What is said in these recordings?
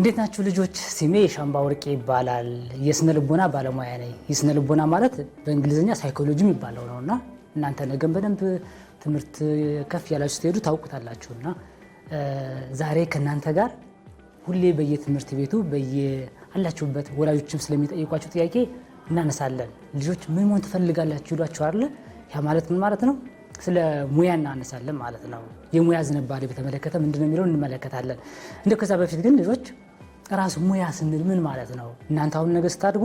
እንዴት ናችሁ ልጆች? ስሜ የሻምባ ወርቄ ይባላል። የስነ ልቦና ባለሙያ ነኝ። የስነ ልቦና ማለት በእንግሊዝኛ ሳይኮሎጂ የሚባለው ነው እና እናንተ ነገን በደንብ ትምህርት ከፍ ያላችሁ ስትሄዱ ታውቁታላችሁ እና ዛሬ ከእናንተ ጋር ሁሌ በየትምህርት ቤቱ በየአላችሁበት ወላጆችም ስለሚጠይቋቸው ጥያቄ እናነሳለን። ልጆች ምን መሆን ትፈልጋላችሁ ይሏችሁ አለ። ያ ማለት ምን ማለት ነው? ስለ ሙያ እናነሳለን ማለት ነው። የሙያ ዝንባሌ በተመለከተ ምንድነው የሚለው እንመለከታለን። እንደ ከዛ በፊት ግን ልጆች ራስ ሙያ ስንል ምን ማለት ነው? እናንተ አሁን ነገ ስታድጉ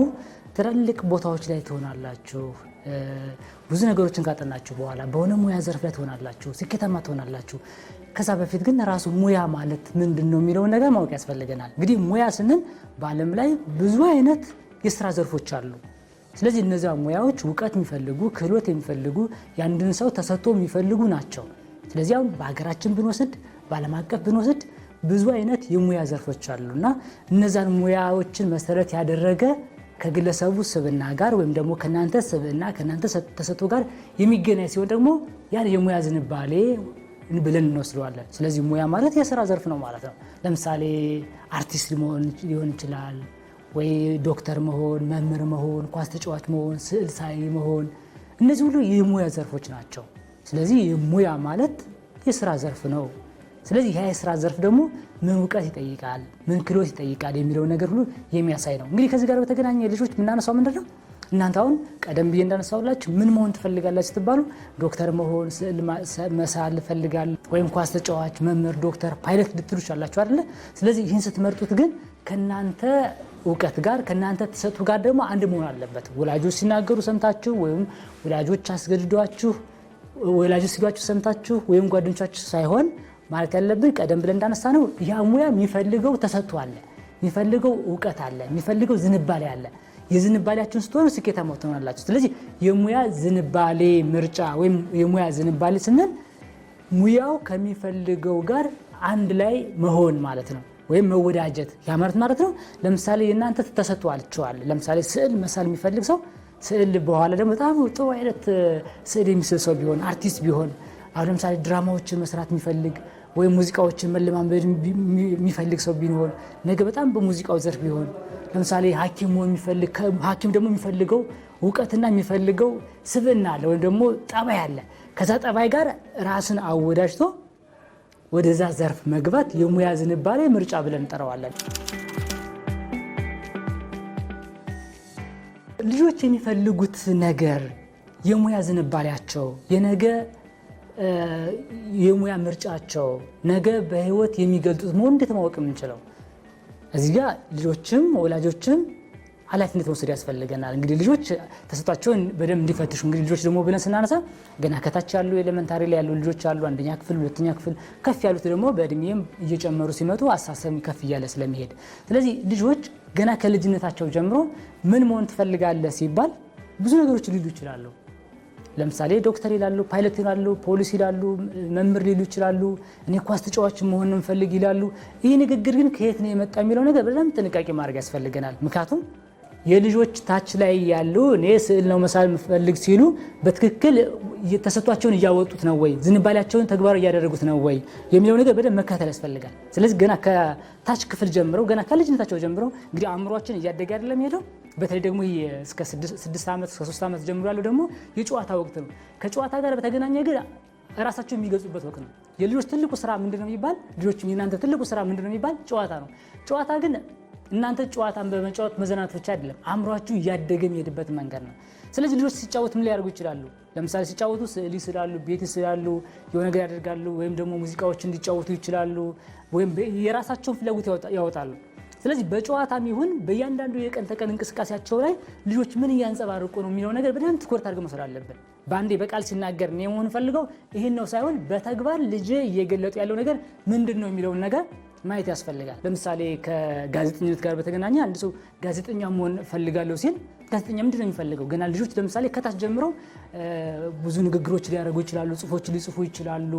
ትላልቅ ቦታዎች ላይ ትሆናላችሁ። ብዙ ነገሮችን ካጠናችሁ በኋላ በሆነ ሙያ ዘርፍ ላይ ትሆናላችሁ፣ ስኬታማ ትሆናላችሁ። ከዛ በፊት ግን ራሱ ሙያ ማለት ምንድን ነው የሚለውን ነገር ማወቅ ያስፈልገናል። እንግዲህ ሙያ ስንል በዓለም ላይ ብዙ አይነት የስራ ዘርፎች አሉ። ስለዚህ እነዚያ ሙያዎች እውቀት የሚፈልጉ ክህሎት የሚፈልጉ የአንድን ሰው ተሰጥቶ የሚፈልጉ ናቸው። ስለዚህ አሁን በሀገራችን ብንወስድ በዓለም አቀፍ ብንወስድ ብዙ አይነት የሙያ ዘርፎች አሉ እና እነዛን ሙያዎችን መሰረት ያደረገ ከግለሰቡ ስብና ጋር ወይም ደግሞ ከእናንተ ስብና ከእናንተ ተሰጥቶ ጋር የሚገናኝ ሲሆን ደግሞ ያን የሙያ ዝንባሌ ብለን እንወስደዋለን። ስለዚህ ሙያ ማለት የስራ ዘርፍ ነው ማለት ነው። ለምሳሌ አርቲስት ሊሆን ይችላል ወይ ዶክተር መሆን፣ መምህር መሆን፣ ኳስ ተጫዋች መሆን፣ ስዕል ሳይ መሆን፣ እነዚህ ሁሉ የሙያ ዘርፎች ናቸው። ስለዚህ ሙያ ማለት የስራ ዘርፍ ነው። ስለዚህ ያ የስራ ዘርፍ ደግሞ ምን እውቀት ይጠይቃል፣ ምን ክህሎት ይጠይቃል የሚለውን ነገር ሁሉ የሚያሳይ ነው። እንግዲህ ከዚህ ጋር በተገናኘ ልጆች የምናነሳው ምንድን ነው? እናንተ አሁን ቀደም ብዬ እንዳነሳውላችሁ ምን መሆን ትፈልጋላችሁ ስትባሉ ዶክተር መሆን፣ ስዕል መሳል ፈልጋል ወይም ኳስ ተጫዋች፣ መምህር፣ ዶክተር፣ ፓይለት ልትሉ ትችላላችሁ አይደለ? ስለዚህ ይህን ስትመርጡት ግን ከእናንተ እውቀት ጋር ከእናንተ ተሰጥቶ ጋር ደግሞ አንድ መሆን አለበት። ወላጆች ሲናገሩ ሰምታችሁ ወይም ወላጆች አስገድዷችሁ ወላጆች ሲሏችሁ ሰምታችሁ ወይም ጓደኞቻችሁ ሳይሆን ማለት ያለብን ቀደም ብለን እንዳነሳ ነው፣ ያ ሙያ የሚፈልገው ተሰጥቶ አለ፣ የሚፈልገው እውቀት አለ፣ የሚፈልገው ዝንባሌ አለ። የዝንባሌያችን ስትሆኑ ስኬታማ ትሆናላችሁ። ስለዚህ የሙያ ዝንባሌ ምርጫ ወይም የሙያ ዝንባሌ ስንል ሙያው ከሚፈልገው ጋር አንድ ላይ መሆን ማለት ነው፣ ወይም መወዳጀት ያመረት ማለት ነው። ለምሳሌ የእናንተ ተሰጥቷችኋል። ለምሳሌ ስዕል መሳል የሚፈልግ ሰው ስዕል በኋላ ደግሞ በጣም ጥሩ አይነት ስዕል የሚስል ሰው ቢሆን አርቲስት ቢሆን አሁን ለምሳሌ ድራማዎችን መስራት የሚፈልግ ወይም ሙዚቃዎችን መለማመድ የሚፈልግ ሰው ቢኖር ነገ በጣም በሙዚቃው ዘርፍ ቢሆን ለምሳሌ ሐኪም ሐኪም ደግሞ የሚፈልገው እውቀትና የሚፈልገው ስብና አለ ወይም ደግሞ ጠባይ አለ። ከዛ ጠባይ ጋር ራስን አወዳጅቶ ወደዛ ዘርፍ መግባት የሙያ ዝንባሌ ምርጫ ብለን እንጠራዋለን። ልጆች የሚፈልጉት ነገር የሙያ ዝንባሌያቸው የነገ የሙያ ምርጫቸው ነገ በህይወት የሚገልጡት መሆን እንዴት ማወቅ የምንችለው? እዚህ ጋ ልጆችም ወላጆችም ኃላፊነት መውሰድ ያስፈልገናል። እንግዲህ ልጆች ተሰጧቸውን በደንብ እንዲፈትሹ እንግዲህ ልጆች ደግሞ ብለን ስናነሳ ገና ከታች ያሉ ኤሌመንታሪ ላይ ያሉ ልጆች አሉ፣ አንደኛ ክፍል፣ ሁለተኛ ክፍል፣ ከፍ ያሉት ደግሞ በእድሜም እየጨመሩ ሲመጡ አሳሰብ ከፍ እያለ ስለሚሄድ፣ ስለዚህ ልጆች ገና ከልጅነታቸው ጀምሮ ምን መሆን ትፈልጋለህ ሲባል ብዙ ነገሮች ሊሉ ይችላሉ። ለምሳሌ ዶክተር ይላሉ፣ ፓይለት ይላሉ፣ ፖሊስ ይላሉ፣ መምህር ሊሉ ይችላሉ። እኔ ኳስ ተጫዋች መሆን እንፈልግ ይላሉ። ይህ ንግግር ግን ከየት ነው የመጣ የሚለው ነገር በጣም ጥንቃቄ ማድረግ ያስፈልገናል። ምክንያቱም የልጆች ታች ላይ ያሉ እኔ ስዕል ነው መሳል የምፈልግ ሲሉ በትክክል ተሰጥቷቸውን እያወጡት ነው ወይ፣ ዝንባሌያቸውን ተግባር እያደረጉት ነው ወይ የሚለው ነገር በደንብ መከተል ያስፈልጋል። ስለዚህ ገና ከታች ክፍል ጀምረው ገና ከልጅነታቸው ጀምረው እንግዲህ አእምሯችን እያደገ አይደለም ሄደው በተለይ ደግሞ እስከ ስድስት ዓመት እስከ ሶስት ዓመት ጀምሮ ያለው ደግሞ የጨዋታ ወቅት ነው። ከጨዋታ ጋር በተገናኘ ግን ራሳቸው የሚገጹበት ወቅት ነው። የልጆች ትልቁ ስራ ምንድን ነው የሚባል ልጆች የእናንተ ትልቁ ስራ ምንድን ነው የሚባል ጨዋታ ነው። ጨዋታ ግን እናንተ ጨዋታን በመጫወት መዘናት ብቻ አይደለም፣ አእምሯችሁ እያደገ የሚሄድበት መንገድ ነው። ስለዚህ ልጆች ሲጫወት ምን ሊያደርጉ ይችላሉ? ለምሳሌ ሲጫወቱ ስዕል ይስላሉ፣ ቤት ይስላሉ፣ የሆነ ነገር ያደርጋሉ፣ ወይም ደግሞ ሙዚቃዎች እንዲጫወቱ ይችላሉ፣ ወይም የራሳቸውን ፍላጎት ያወጣሉ። ስለዚህ በጨዋታም ይሁን በእያንዳንዱ የቀን ተቀን እንቅስቃሴያቸው ላይ ልጆች ምን እያንጸባርቁ ነው የሚለው ነገር በደንብ ትኩረት አድርገ መውሰድ አለብን። በአንዴ በቃል ሲናገር እኔ መሆን ፈልገው ይህን ነው ሳይሆን በተግባር ልጅ እየገለጡ ያለው ነገር ምንድን ነው የሚለውን ነገር ማየት ያስፈልጋል። ለምሳሌ ከጋዜጠኝነት ጋር በተገናኘ አንድ ሰው ጋዜጠኛ መሆን ፈልጋለሁ ሲል ጋዜጠኛ ምንድን ነው የሚፈልገው? ገና ልጆች ለምሳሌ ከታች ጀምሮ ብዙ ንግግሮች ሊያደርጉ ይችላሉ፣ ጽሁፎች ሊጽፉ ይችላሉ፣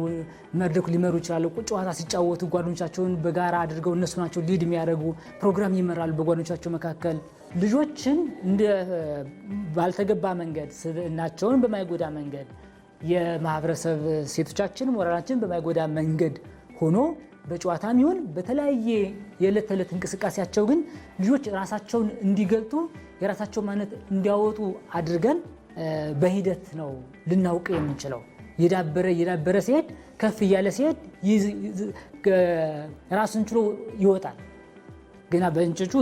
መድረኩ ሊመሩ ይችላሉ። ጨዋታ ሲጫወቱ ጓደኞቻቸውን በጋራ አድርገው እነሱ ናቸው ሊድ የሚያደርጉ ፕሮግራም ይመራሉ በጓደኞቻቸው መካከል። ልጆችን እንደ ባልተገባ መንገድ ስብዕናቸውን በማይጎዳ መንገድ የማህበረሰብ ሴቶቻችን ሞራላችን በማይጎዳ መንገድ ሆኖ በጨዋታም ይሁን በተለያየ የዕለት ተዕለት እንቅስቃሴያቸው ግን ልጆች ራሳቸውን እንዲገልጡ የራሳቸው ማነት እንዲያወጡ አድርገን በሂደት ነው ልናውቅ የምንችለው። የዳበረ የዳበረ ሲሄድ ከፍ እያለ ሲሄድ ራሱን ችሎ ይወጣል። ግና በእንጭጩ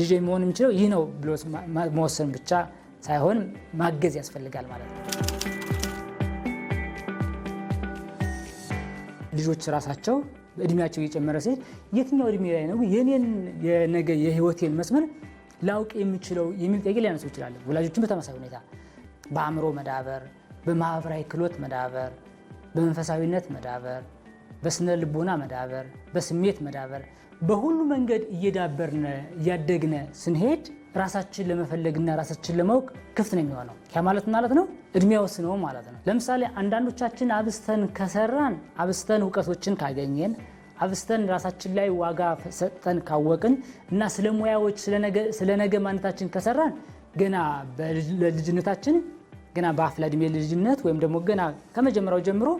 ልጅ የሚሆን የሚችለው ይህ ነው ብሎ መወሰን ብቻ ሳይሆን ማገዝ ያስፈልጋል ማለት ነው። ልጆች ራሳቸው እድሜያቸው እየጨመረ ሲሄድ የትኛው እድሜ ላይ ነው የኔን የነገ የህይወቴን መስመር ላውቅ የምችለው የሚል ጥያቄ ሊያነሱ ይችላል። ወላጆችን በተመሳሳይ ሁኔታ በአእምሮ መዳበር፣ በማህበራዊ ክህሎት መዳበር፣ በመንፈሳዊነት መዳበር፣ በስነ ልቦና መዳበር፣ በስሜት መዳበር፣ በሁሉ መንገድ እየዳበርነ እያደግነ ስንሄድ ራሳችን ለመፈለግና ራሳችን ለማወቅ ክፍት ነው የሚሆነው። ያ ማለት ነው እድሜ ነው ማለት ነው። ለምሳሌ አንዳንዶቻችን አብስተን ከሰራን፣ አብስተን እውቀቶችን ካገኘን፣ አብስተን ራሳችን ላይ ዋጋ ሰጥተን ካወቅን እና ስለ ሙያዎች ስለ ነገ ማነታችን ከሰራን ገና ለልጅነታችን ገና በአፍላ እድሜ ልጅነት ወይም ደግሞ ገና ከመጀመሪያው ጀምሮ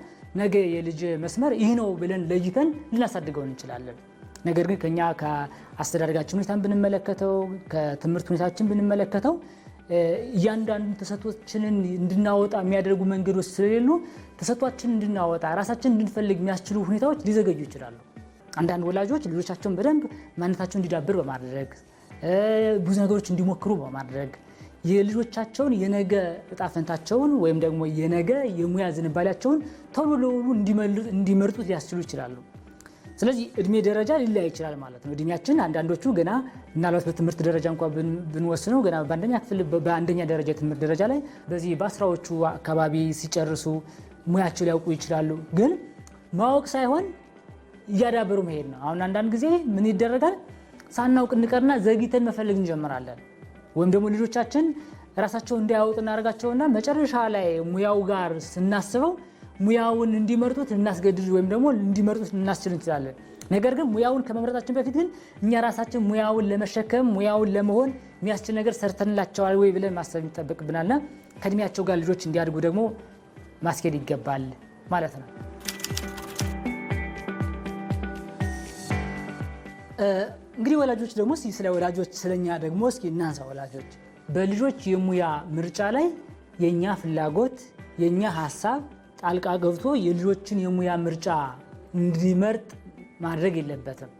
ነገ የልጅ መስመር ይህ ነው ብለን ለይተን ልናሳድገውን እንችላለን። ነገር ግን ከኛ ከአስተዳደጋችን ሁኔታን ብንመለከተው ከትምህርት ሁኔታችን ብንመለከተው እያንዳንዱ ተሰጥኦችንን እንድናወጣ የሚያደርጉ መንገዶች ስለሌሉ ተሰጥኦችንን እንድናወጣ ራሳችን እንድንፈልግ የሚያስችሉ ሁኔታዎች ሊዘገዩ ይችላሉ። አንዳንድ ወላጆች ልጆቻቸውን በደንብ ማንነታቸው እንዲዳብር በማድረግ ብዙ ነገሮች እንዲሞክሩ በማድረግ የልጆቻቸውን የነገ እጣ ፈንታቸውን ወይም ደግሞ የነገ የሙያ ዝንባሌያቸውን ቶሎ ለውሉ እንዲመርጡት ሊያስችሉ ይችላሉ። ስለዚህ እድሜ ደረጃ ሊለያይ ይችላል ማለት ነው። እድሜያችን አንዳንዶቹ ገና ምናልባት በትምህርት ደረጃ እንኳ ብንወስነው ገና በአንደኛ ክፍል በአንደኛ ደረጃ የትምህርት ደረጃ ላይ በዚህ በአስራዎቹ አካባቢ ሲጨርሱ ሙያቸው ሊያውቁ ይችላሉ። ግን ማወቅ ሳይሆን እያዳበሩ መሄድ ነው። አሁን አንዳንድ ጊዜ ምን ይደረጋል ሳናውቅ እንቀርና ዘግይተን መፈለግ እንጀምራለን። ወይም ደግሞ ልጆቻችን ራሳቸው እንዳያወጡ እናደርጋቸውና መጨረሻ ላይ ሙያው ጋር ስናስበው ሙያውን እንዲመርጡት ልናስገድድ ወይም ደግሞ እንዲመርጡት ልናስችል እንችላለን። ነገር ግን ሙያውን ከመምረጣችን በፊት ግን እኛ ራሳችን ሙያውን ለመሸከም ሙያውን ለመሆን የሚያስችል ነገር ሰርተንላቸዋል ወይ ብለን ማሰብ ይጠበቅብናልና ከእድሜያቸው ጋር ልጆች እንዲያድጉ ደግሞ ማስኬድ ይገባል ማለት ነው። እንግዲህ ወላጆች ደግሞ ስለ ወላጆች ስለኛ ደግሞ እስኪ እናንሳ። ወላጆች በልጆች የሙያ ምርጫ ላይ የእኛ ፍላጎት የእኛ ሀሳብ ጣልቃ ገብቶ የልጆችን የሙያ ምርጫ እንዲመርጥ ማድረግ የለበትም።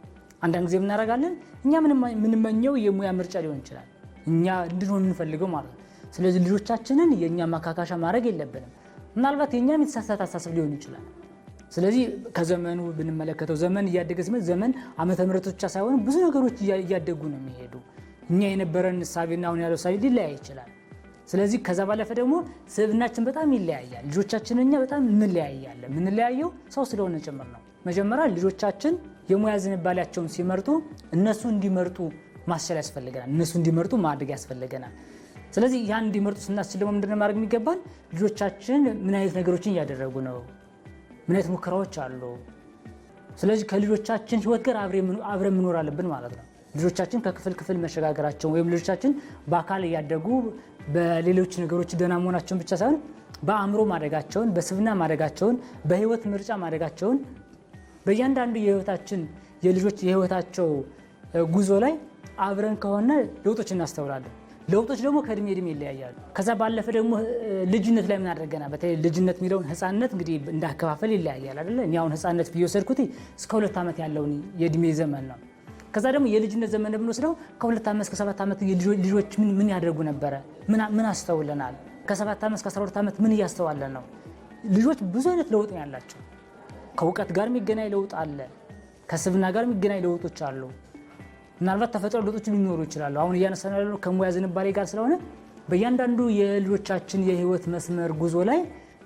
አንዳንድ ጊዜ የምናደርጋለን እኛ የምንመኘው የሙያ ምርጫ ሊሆን ይችላል፣ እኛ እንድንሆን የምንፈልገው ማለት ነው። ስለዚህ ልጆቻችንን የእኛ ማካካሻ ማድረግ የለብንም። ምናልባት የእኛ የተሳሳተ አሳስብ ሊሆን ይችላል። ስለዚህ ከዘመኑ ብንመለከተው ዘመን እያደገ ሲመጣ ዘመን ዓመተ ምሕረት ብቻ ሳይሆን ብዙ ነገሮች እያደጉ ነው የሚሄዱ። እኛ የነበረን እሳቤና አሁን ያለው እሳቤ ሊለያይ ይችላል። ስለዚህ ከዛ ባለፈ ደግሞ ስብናችን በጣም ይለያያል። ልጆቻችን እኛ በጣም እንለያያለን። የምንለያየው ሰው ስለሆነ ጭምር ነው። መጀመሪያ ልጆቻችን የሙያ ዝንባሌያቸውን ሲመርጡ እነሱ እንዲመርጡ ማስቻል ያስፈልገናል። እነሱ እንዲመርጡ ማድረግ ያስፈልገናል። ስለዚህ ያን እንዲመርጡ ስናስችል ደግሞ ምንድን ማድረግ የሚገባል? ልጆቻችን ምን አይነት ነገሮችን እያደረጉ ነው? ምን አይነት ሙከራዎች አሉ? ስለዚህ ከልጆቻችን ህይወት ጋር አብረን መኖር አለብን ማለት ነው። ልጆቻችን ከክፍል ክፍል መሸጋገራቸውን ወይም ልጆቻችን በአካል እያደጉ በሌሎች ነገሮች ደህና መሆናቸውን ብቻ ሳይሆን በአእምሮ ማደጋቸውን፣ በስብና ማደጋቸውን፣ በህይወት ምርጫ ማደጋቸውን በእያንዳንዱ የህይወታችን የልጆች የህይወታቸው ጉዞ ላይ አብረን ከሆነ ለውጦች እናስተውላለን። ለውጦች ደግሞ ከእድሜ እድሜ ይለያያሉ። ከዛ ባለፈ ደግሞ ልጅነት ላይ ምን አድርገናል? በተለይ ልጅነት የሚለውን ህፃነት እንግዲህ እንዳከፋፈል ይለያያል አይደለ? እኔ አሁን ህፃንነት ብዬ ወሰድኩት እስከ ሁለት ዓመት ያለውን የእድሜ ዘመን ነው። ከዛ ደግሞ የልጅነት ዘመን ብንወስደው ከሁለት ዓመት እስከ ሰባት ዓመት ልጆች ምን ያደርጉ ነበረ? ምን አስተውልናል? ከሰባት ዓመት እስከ 12 ዓመት ምን እያስተዋለን ነው? ልጆች ብዙ አይነት ለውጥ ያላቸው። ከእውቀት ጋር የሚገናኝ ለውጥ አለ። ከስብና ጋር የሚገናኝ ለውጦች አሉ። ምናልባት ተፈጥሮ ለውጦች ሊኖሩ ይችላሉ። አሁን እያነሳን ያለነው ከሙያ ዝንባሌ ጋር ስለሆነ በእያንዳንዱ የልጆቻችን የህይወት መስመር ጉዞ ላይ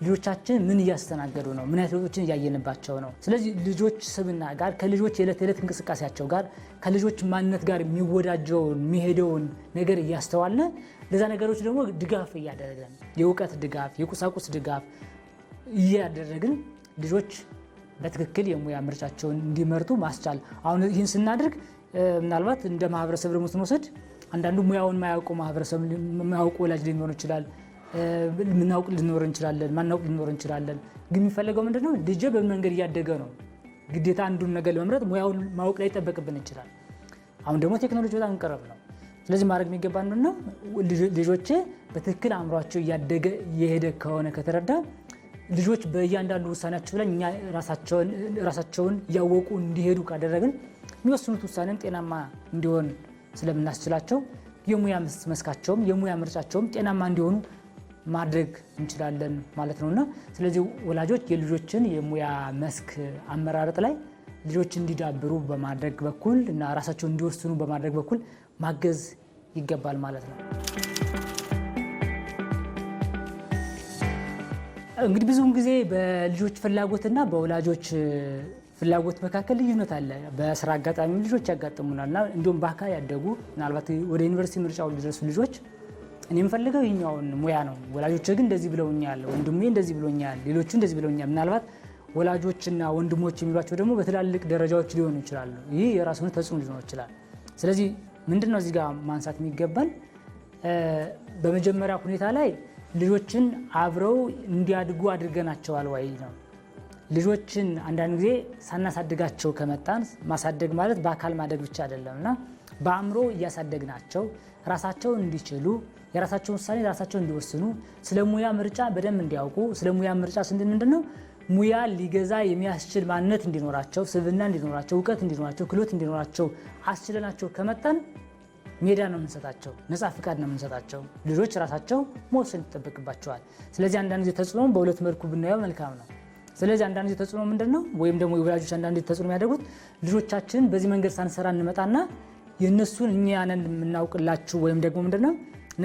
ልጆቻችን ምን እያስተናገዱ ነው? ምን አይነት ለውጦችን እያየንባቸው ነው? ስለዚህ ልጆች ስብና ጋር ከልጆች የዕለት የዕለት እንቅስቃሴያቸው ጋር ከልጆች ማንነት ጋር የሚወዳጀውን የሚሄደውን ነገር እያስተዋልነ ለዛ ነገሮች ደግሞ ድጋፍ እያደረግን የእውቀት ድጋፍ፣ የቁሳቁስ ድጋፍ እያደረግን ልጆች በትክክል የሙያ ምርጫቸውን እንዲመርጡ ማስቻል። አሁን ይህን ስናደርግ ምናልባት እንደ ማህበረሰብ ደግሞ ስንወስድ አንዳንዱ ሙያውን ማያውቁ ማህበረሰብ ማያውቁ ወላጅ ሊኖር ይችላል። ምናውቅ ልኖር እንችላለን፣ ማናውቅ ልኖር እንችላለን። ግን የሚፈለገው ነው? ልጄ በምን መንገድ እያደገ ነው? ግዴታ አንዱን ነገር ለመምረጥ ሙያውን ማወቅ ላይ ይጠበቅብን ይችላል። አሁን ደግሞ ቴክኖሎጂ በጣም ቅርብ ነው። ስለዚህ ማድረግ የሚገባ ነው? ልጆቼ በትክክል አእምሯቸው እያደገ እየሄደ ከሆነ ከተረዳ ልጆች በእያንዳንዱ ውሳኔያቸው ላይ እኛ ራሳቸውን እያወቁ እንዲሄዱ ካደረግን የሚወስኑት ውሳኔም ጤናማ እንዲሆን ስለምናስችላቸው የሙያ መስካቸውም የሙያ ምርጫቸውም ጤናማ እንዲሆኑ ማድረግ እንችላለን ማለት ነው እና ስለዚህ ወላጆች የልጆችን የሙያ መስክ አመራረጥ ላይ ልጆች እንዲዳብሩ በማድረግ በኩል እና ራሳቸውን እንዲወስኑ በማድረግ በኩል ማገዝ ይገባል ማለት ነው። እንግዲህ ብዙውን ጊዜ በልጆች ፍላጎትና በወላጆች ፍላጎት መካከል ልዩነት አለ። በስራ አጋጣሚ ልጆች ያጋጥሙናል እና እንዲሁም በአካል ያደጉ ምናልባት ወደ ዩኒቨርሲቲ ምርጫው ሊደርሱ ልጆች እኔ የምፈልገው ይህኛውን ሙያ ነው። ወላጆች ግን እንደዚህ ብለውኛል፣ ወንድሜ እንደዚህ ብለውኛል፣ ሌሎቹ እንደዚህ ብለውኛል። ምናልባት ወላጆችና ወንድሞች የሚሏቸው ደግሞ በትላልቅ ደረጃዎች ሊሆኑ ይችላሉ። ይህ የራሱ ሆነ ተጽዕኖ ሊኖር ይችላል። ስለዚህ ምንድን ነው እዚህ ጋር ማንሳት የሚገባን በመጀመሪያ ሁኔታ ላይ ልጆችን አብረው እንዲያድጉ አድርገናቸዋል ወይ ነው። ልጆችን አንዳንድ ጊዜ ሳናሳድጋቸው ከመጣን ማሳደግ ማለት በአካል ማደግ ብቻ አይደለም እና በአእምሮ እያሳደግናቸው ራሳቸውን እንዲችሉ የራሳቸውን ውሳኔ ራሳቸው እንዲወስኑ ስለ ሙያ ምርጫ በደንብ እንዲያውቁ ስለ ሙያ ምርጫ ስንል ምንድን ነው? ሙያ ሊገዛ የሚያስችል ማንነት እንዲኖራቸው፣ ስብና እንዲኖራቸው፣ እውቀት እንዲኖራቸው፣ ክህሎት እንዲኖራቸው አስችለናቸው ከመጣን ሜዳ ነው የምንሰጣቸው፣ ነፃ ፍቃድ ነው የምንሰጣቸው። ልጆች ራሳቸው መወሰን ይጠበቅባቸዋል። ስለዚህ አንዳንድ ጊዜ ተጽዕኖ በሁለት መልኩ ብናየው መልካም ነው። ስለዚህ አንዳንድ ጊዜ ተጽዕኖ ምንድን ነው? ወይም ደግሞ የወላጆች አንዳንድ ጊዜ ተጽዕኖ የሚያደርጉት ልጆቻችንን በዚህ መንገድ ሳንሰራ እንመጣና የእነሱን እኛ ነን የምናውቅላችሁ ወይም ደግሞ ምንድነው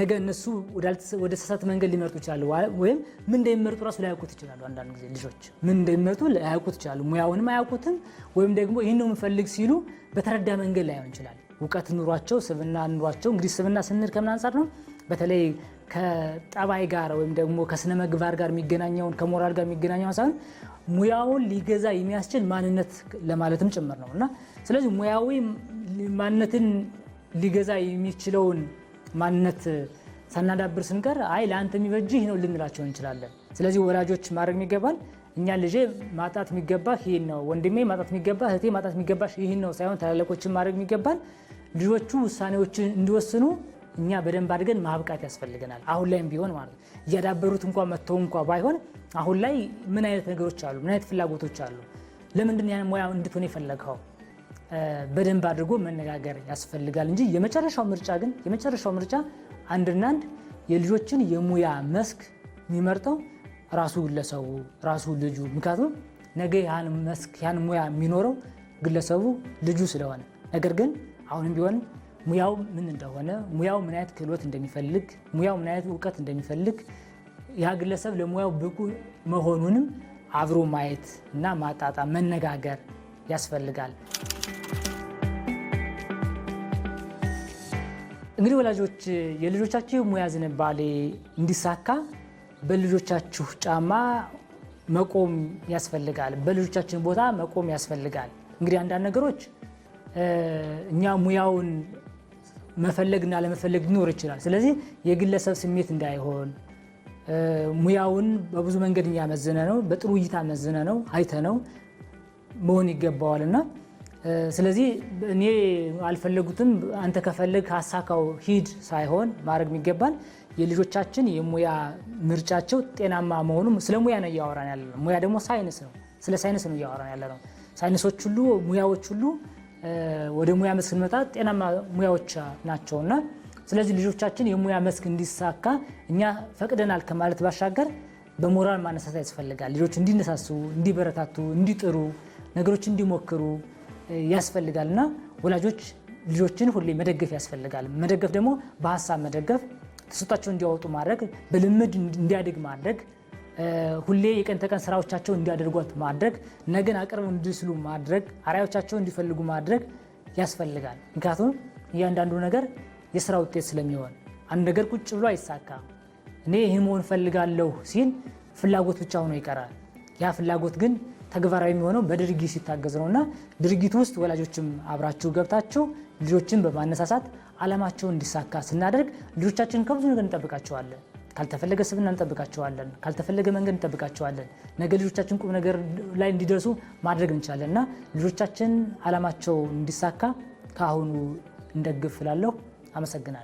ነገ እነሱ ወደ ተሳሳተ መንገድ ሊመርጡ ይችላሉ። ወይም ምን እንደሚመርጡ ራሱ ላያውቁት ይችላሉ። አንዳንድ ጊዜ ልጆች ምን እንደሚመርጡ ላያውቁት ይችላሉ። ሙያውንም አያውቁትም። ወይም ደግሞ ይህን ነው የምፈልግ ሲሉ በተረዳ መንገድ ላይሆን ይችላል። እውቀት ኑሯቸው፣ ስብና ኑሯቸው። እንግዲህ ስብና ስንል ከምን አንጻር ነው? በተለይ ከጠባይ ጋር ወይም ደግሞ ከስነ ምግባር ጋር የሚገናኘውን ከሞራል ጋር የሚገናኘውን ሳይሆን ሙያውን ሊገዛ የሚያስችል ማንነት ለማለትም ጭምር ነው እና ስለዚህ ሙያዊ ማንነትን ሊገዛ የሚችለውን ማንነት ሳናዳብር ስንቀር አይ ለአንተ ይህ ነው ልንላቸው እንችላለን። ስለዚህ ወላጆች ማድረግ የሚገባል እኛ ልጄ ማጣት የሚገባ ይህን ነው፣ ወንድሜ ማጣት የሚገባ እህቴ ማጣት የሚገባ ይህን ነው ሳይሆን ታላላቆችን ማድረግ የሚገባል ልጆቹ ውሳኔዎችን እንዲወስኑ እኛ በደንብ አድርገን ማብቃት ያስፈልገናል። አሁን ላይም ቢሆን ማለት ነው እያዳበሩት እንኳ መጥተው እንኳ ባይሆን አሁን ላይ ምን አይነት ነገሮች አሉ፣ ምን አይነት ፍላጎቶች አሉ፣ ለምንድን ያን ሙያ እንድትሆን የፈለገው በደንብ አድርጎ መነጋገር ያስፈልጋል እንጂ የመጨረሻው ምርጫ ግን የመጨረሻው ምርጫ አንድና አንድ የልጆችን የሙያ መስክ የሚመርጠው ራሱ ግለሰቡ ራሱ ልጁ። ምክንያቱም ነገ ያን መስክ ያን ሙያ የሚኖረው ግለሰቡ ልጁ ስለሆነ ነገር ግን አሁንም ቢሆን ሙያው ምን እንደሆነ፣ ሙያው ምን አይነት ክህሎት እንደሚፈልግ፣ ሙያው ምን አይነት እውቀት እንደሚፈልግ ያ ግለሰብ ለሙያው ብቁ መሆኑንም አብሮ ማየት እና ማጣጣም መነጋገር ያስፈልጋል። እንግዲህ ወላጆች የልጆቻችሁ ሙያ ዝንባሌ እንዲሳካ በልጆቻችሁ ጫማ መቆም ያስፈልጋል። በልጆቻችን ቦታ መቆም ያስፈልጋል። እንግዲህ አንዳንድ ነገሮች እኛ ሙያውን መፈለግና ለመፈለግ ሊኖር ይችላል። ስለዚህ የግለሰብ ስሜት እንዳይሆን ሙያውን በብዙ መንገድ እያመዘነ ነው፣ በጥሩ እይታ መዘነ ነው አይተ ነው መሆን ይገባዋል እና ስለዚህ እኔ አልፈለጉትም አንተ ከፈለግ ሀሳካው ሂድ ሳይሆን ማድረግ የሚገባል የልጆቻችን የሙያ ምርጫቸው ጤናማ መሆኑ ስለ ሙያ ነው እያወራን ያለ ነው። ሙያ ደግሞ ሳይንስ ነው። ስለ ሳይንስ ነው እያወራን ያለ ነው። ሳይንሶች ሁሉ ሙያዎች ሁሉ ወደ ሙያ መስክ እንመጣ ጤናማ ሙያዎች ናቸውና ስለዚህ ልጆቻችን የሙያ መስክ እንዲሳካ እኛ ፈቅደናል ከማለት ባሻገር በሞራል ማነሳሳት ያስፈልጋል። ልጆች እንዲነሳሱ፣ እንዲበረታቱ፣ እንዲጥሩ፣ ነገሮች እንዲሞክሩ ያስፈልጋል እና ወላጆች ልጆችን ሁሌ መደገፍ ያስፈልጋል። መደገፍ ደግሞ በሀሳብ መደገፍ፣ ተሰጧቸው እንዲያወጡ ማድረግ፣ በልምድ እንዲያድግ ማድረግ ሁሌ የቀን ተቀን ስራዎቻቸው እንዲያደርጓት ማድረግ፣ ነገን አቅርብ እንዲስሉ ማድረግ፣ አራዮቻቸው እንዲፈልጉ ማድረግ ያስፈልጋል። ምክንያቱም እያንዳንዱ ነገር የስራ ውጤት ስለሚሆን አንድ ነገር ቁጭ ብሎ አይሳካም። እኔ ይህ መሆን ፈልጋለሁ ሲል ፍላጎት ብቻ ሆኖ ይቀራል። ያ ፍላጎት ግን ተግባራዊ የሚሆነው በድርጊት ሲታገዝ ነው እና ድርጊት ውስጥ ወላጆችም አብራችሁ ገብታችሁ ልጆችን በማነሳሳት አላማቸው እንዲሳካ ስናደርግ ልጆቻችን ከብዙ ነገር እንጠብቃቸዋለን። ካልተፈለገ ስብና እንጠብቃቸዋለን፣ ካልተፈለገ መንገድ እንጠብቃቸዋለን። ነገ ልጆቻችን ቁም ነገር ላይ እንዲደርሱ ማድረግ እንችላለን እና ልጆቻችን አላማቸው እንዲሳካ ከአሁኑ እንደግፍ እላለሁ። አመሰግናለሁ።